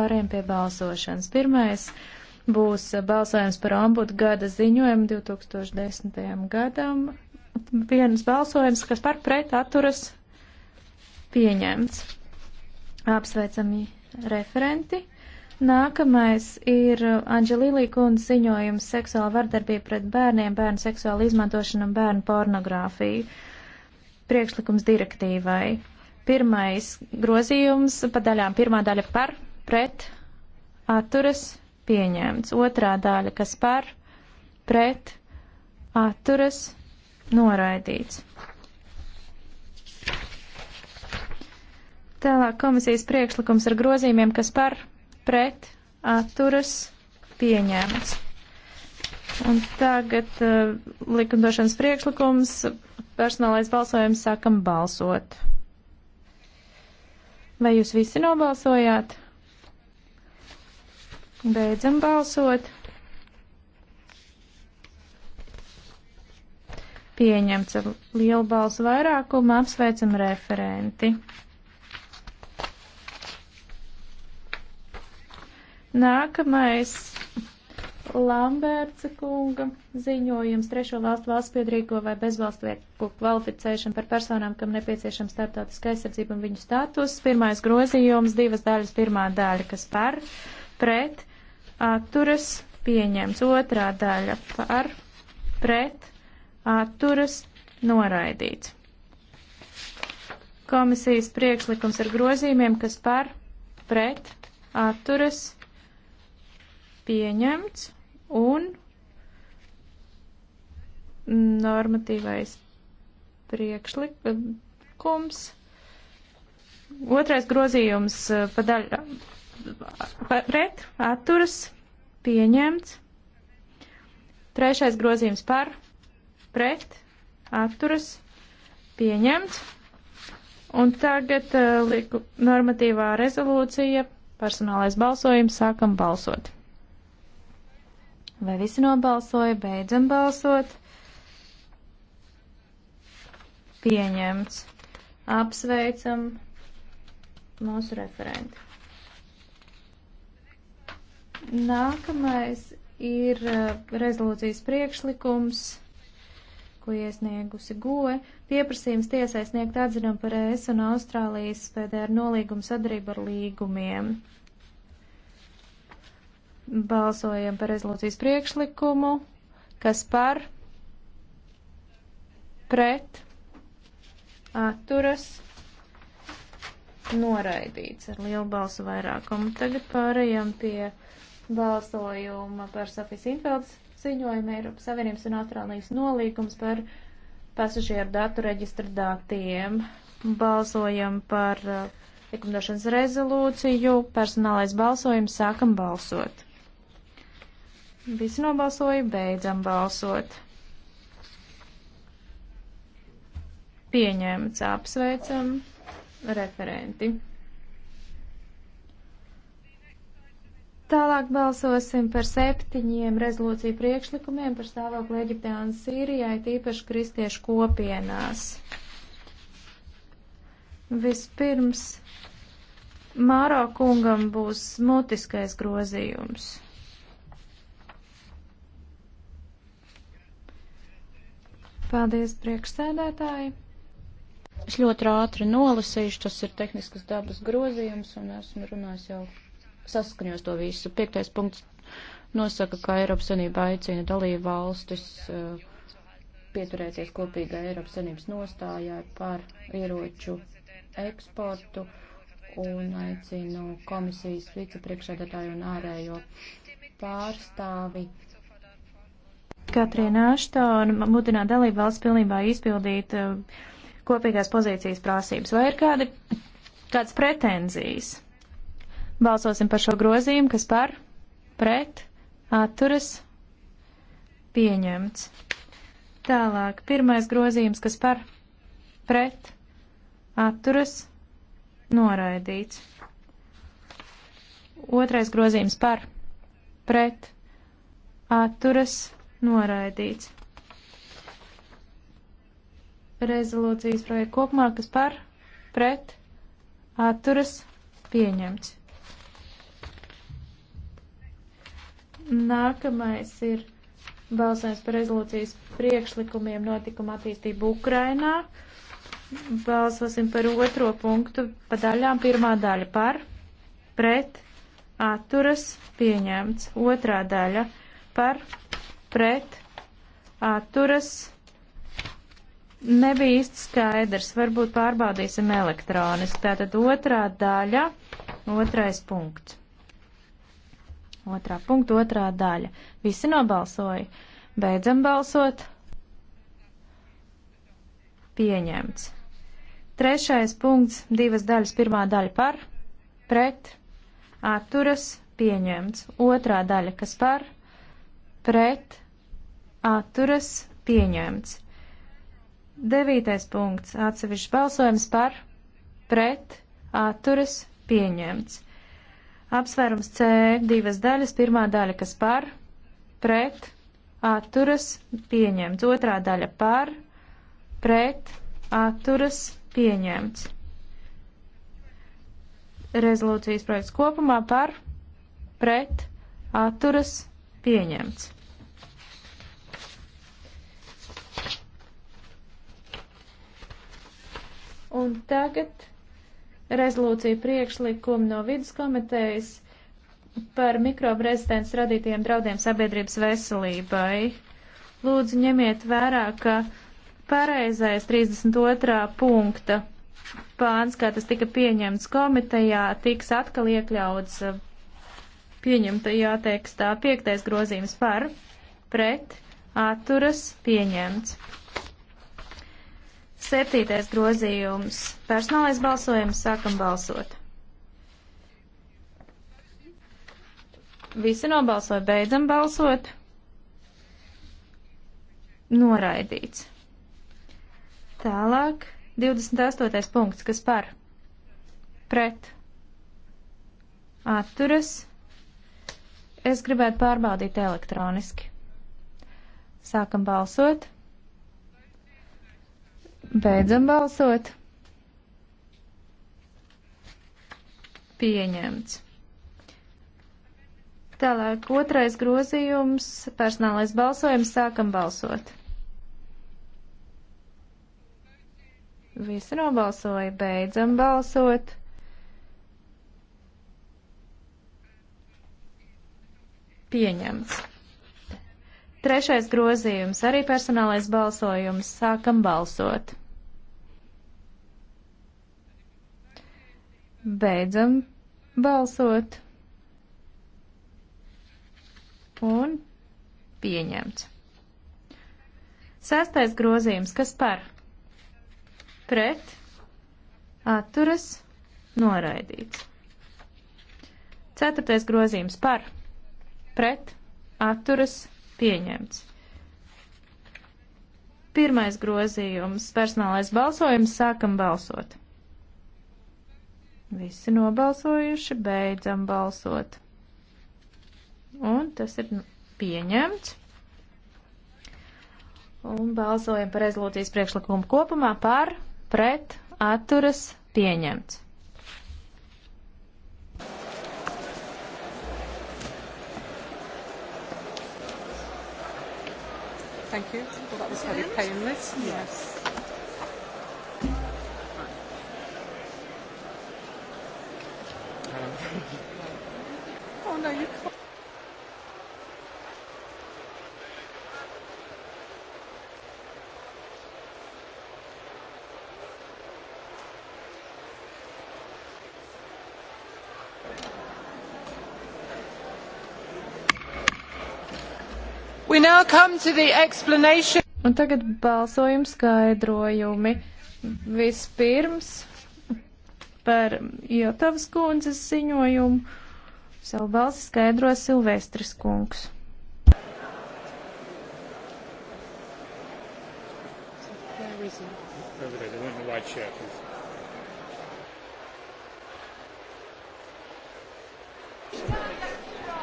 Pārējiem pie balsošanas. Pirmais būs balsojums par ombudu gada ziņojumu 2010. gadam. Vienas balsojums, kas par pret atturas pieņemts. Apsveicami referenti. Nākamais ir Anģelīlī kundze ziņojums seksuāla vardarbība pret bērniem, bērnu seksuāla izmantošana un bērnu pornogrāfiju. Priekšlikums direktīvai. Pirmais grozījums pa daļām. Pirmā daļa par pret, atturas, pieņemts. Otrā daļa, kas par, pret, atturas, noraidīts. Tālāk komisijas priekšlikums ar grozījumiem, kas par, pret, atturas, pieņemts. Un tagad uh, likumdošanas priekšlikums, personālais balsojums, sākam balsot. Vai jūs visi nobalsojāt? Beidzam balsot. Pieņemts ar lielu balsu vairākumu, apsveicam referenti. Nākamais Lamberts kunga ziņojums trešo valstu valsts piedrīgo vai bezvalstnieku kvalificēšanu par personām, kam nepieciešama starptautiska aizsardzība un viņu status. Pirmais grozījums, divas daļas, pirmā daļa, kas par, pret, atturas pieņemts. Otrā daļa par pret atturas noraidīts. Komisijas priekšlikums ar grozījumiem, kas par pret atturas pieņemts un normatīvais priekšlikums. Otrais grozījums pa daļām pret, atturas, pieņemts. Trešais grozījums par, pret, atturas, pieņemts. Un tagad uh, liku, normatīvā rezolūcija, personālais balsojums, sākam balsot. Vai visi nobalsoja, beidzam balsot? Pieņemts. Apsveicam mūsu referentu. Nākamais ir eh, rezolūcijas priekšlikums, ko iesniegusi GOE. Pieprasījums tiesai sniegt atzinumu par ES un Austrālijas PDR nolīgumu sadarību ar līgumiem. Balsojam par rezolūcijas priekšlikumu. Kas par? Pret? Atturas? Noraidīts ar lielu balsu vairākumu. Tagad pārējām pie balsojumu par Sofijas Infeldes ziņojumu Eiropas Savienības un Austrālijas nolīgums par pasažieru datu reģistra datiem. Balsojam par uh, likumdošanas rezolūciju, personālais balsojums, sākam balsot. Visi nobalsoja, beidzam balsot. Pieņemts, apsveicam referenti. Tālāk balsosim par septiņiem rezolūciju priekšlikumiem par stāvokli Eģiptē un Sīrijai, tīpaši kristiešu kopienās. Vispirms Māro kungam būs mutiskais grozījums. Paldies, priekšsēdētāji! Es ļoti ātri nolasīšu, tas ir tehniskas dabas grozījums, un esmu runājis jau saskaņos to visu. Piektais punkts nosaka, ka Eiropas Savienība aicina dalību valstis uh, pieturēties kopīgai Eiropas Savienības nostājai par ieroču eksportu un aicinu komisijas vicepriekšēdētāju un ārējo pārstāvi. Katrīna Aštona mudinā dalību valsts pilnībā izpildīt uh, kopīgās pozīcijas prasības. Vai ir kādi, kāds pretenzijas? Balsosim par šo grozījumu, kas par, pret, atturas, pieņemts. Tālāk, pirmais grozījums, kas par, pret, atturas, noraidīts. Otrais grozījums par, pret, atturas, noraidīts. Rezolūcijas projekta kopumā, kas par, pret, atturas, pieņemts. Nākamais ir balsojums par rezolūcijas priekšlikumiem notikuma attīstību Ukrainā. Balsosim par otro punktu pa daļām. Pirmā daļa par, pret, atturas, pieņemts. Otrā daļa par, pret, atturas. Nebija īsti skaidrs, varbūt pārbaudīsim elektroniski. Tātad otrā daļa, otrais punkts. Otrā punkta, otrā daļa. Visi nobalsoja. Beidzam balsot. Pieņemts. Trešais punkts, divas daļas, pirmā daļa par, pret, atturas, pieņemts. Otrā daļa, kas par, pret, atturas, pieņemts. Devītais punkts, atsevišķs balsojums par, pret, atturas, pieņemts. Apsvērums C divas daļas. Pirmā daļa, kas par, pret, atturas, pieņemts. Otrā daļa par, pret, atturas, pieņemts. Rezolūcijas projekts kopumā par, pret, atturas, pieņemts. Un tagad rezolūciju priekšlikumu no vidas komitejas par mikrobu rezistents radītiem draudiem sabiedrības veselībai. Lūdzu, ņemiet vērā, ka pareizais 32. punkta pāns, kā tas tika pieņemts komitejā, tiks atkal iekļauts uh, pieņemtajā tekstā. Piektais grozījums par, pret, atturas, pieņemts. Septītais grozījums. Personālais balsojums. Sākam balsot. Visi nobalsoja. Beidzam balsot. Noraidīts. Tālāk. 28. punkts. Kas par? Pret. Atturas. Es gribētu pārbaudīt elektroniski. Sākam balsot. Beidzam balsot. Pieņemts. Tālāk otrais grozījums, personālais balsojums, sākam balsot. Visi nobalsoja, beidzam balsot. Pieņemts. Trešais grozījums, arī personālais balsojums, sākam balsot. Beidzam balsot. Un pieņemts. Sestais grozījums, kas par? Pret, atturas, noraidīts. Ceturtais grozījums par, pret, atturas, pieņemts. Pirmais grozījums - personālais balsojums, sākam balsot. Visi nobalsojuši, beidzam balsot. Un tas ir pieņemts. Un balsojam par rezolūcijas priekšlikumu kopumā par, pret, atturas, pieņemts. Thank you. Well, that was very painless. Yes. yes. Oh no, you can't. We now come to the explanation. Un tagad balsojuma skaidrojumi. Vispirms par Jotavas kundzes ziņojumu. Savu balsi skaidro Silvestris kungs. Over there, the one in the white shirt. Is...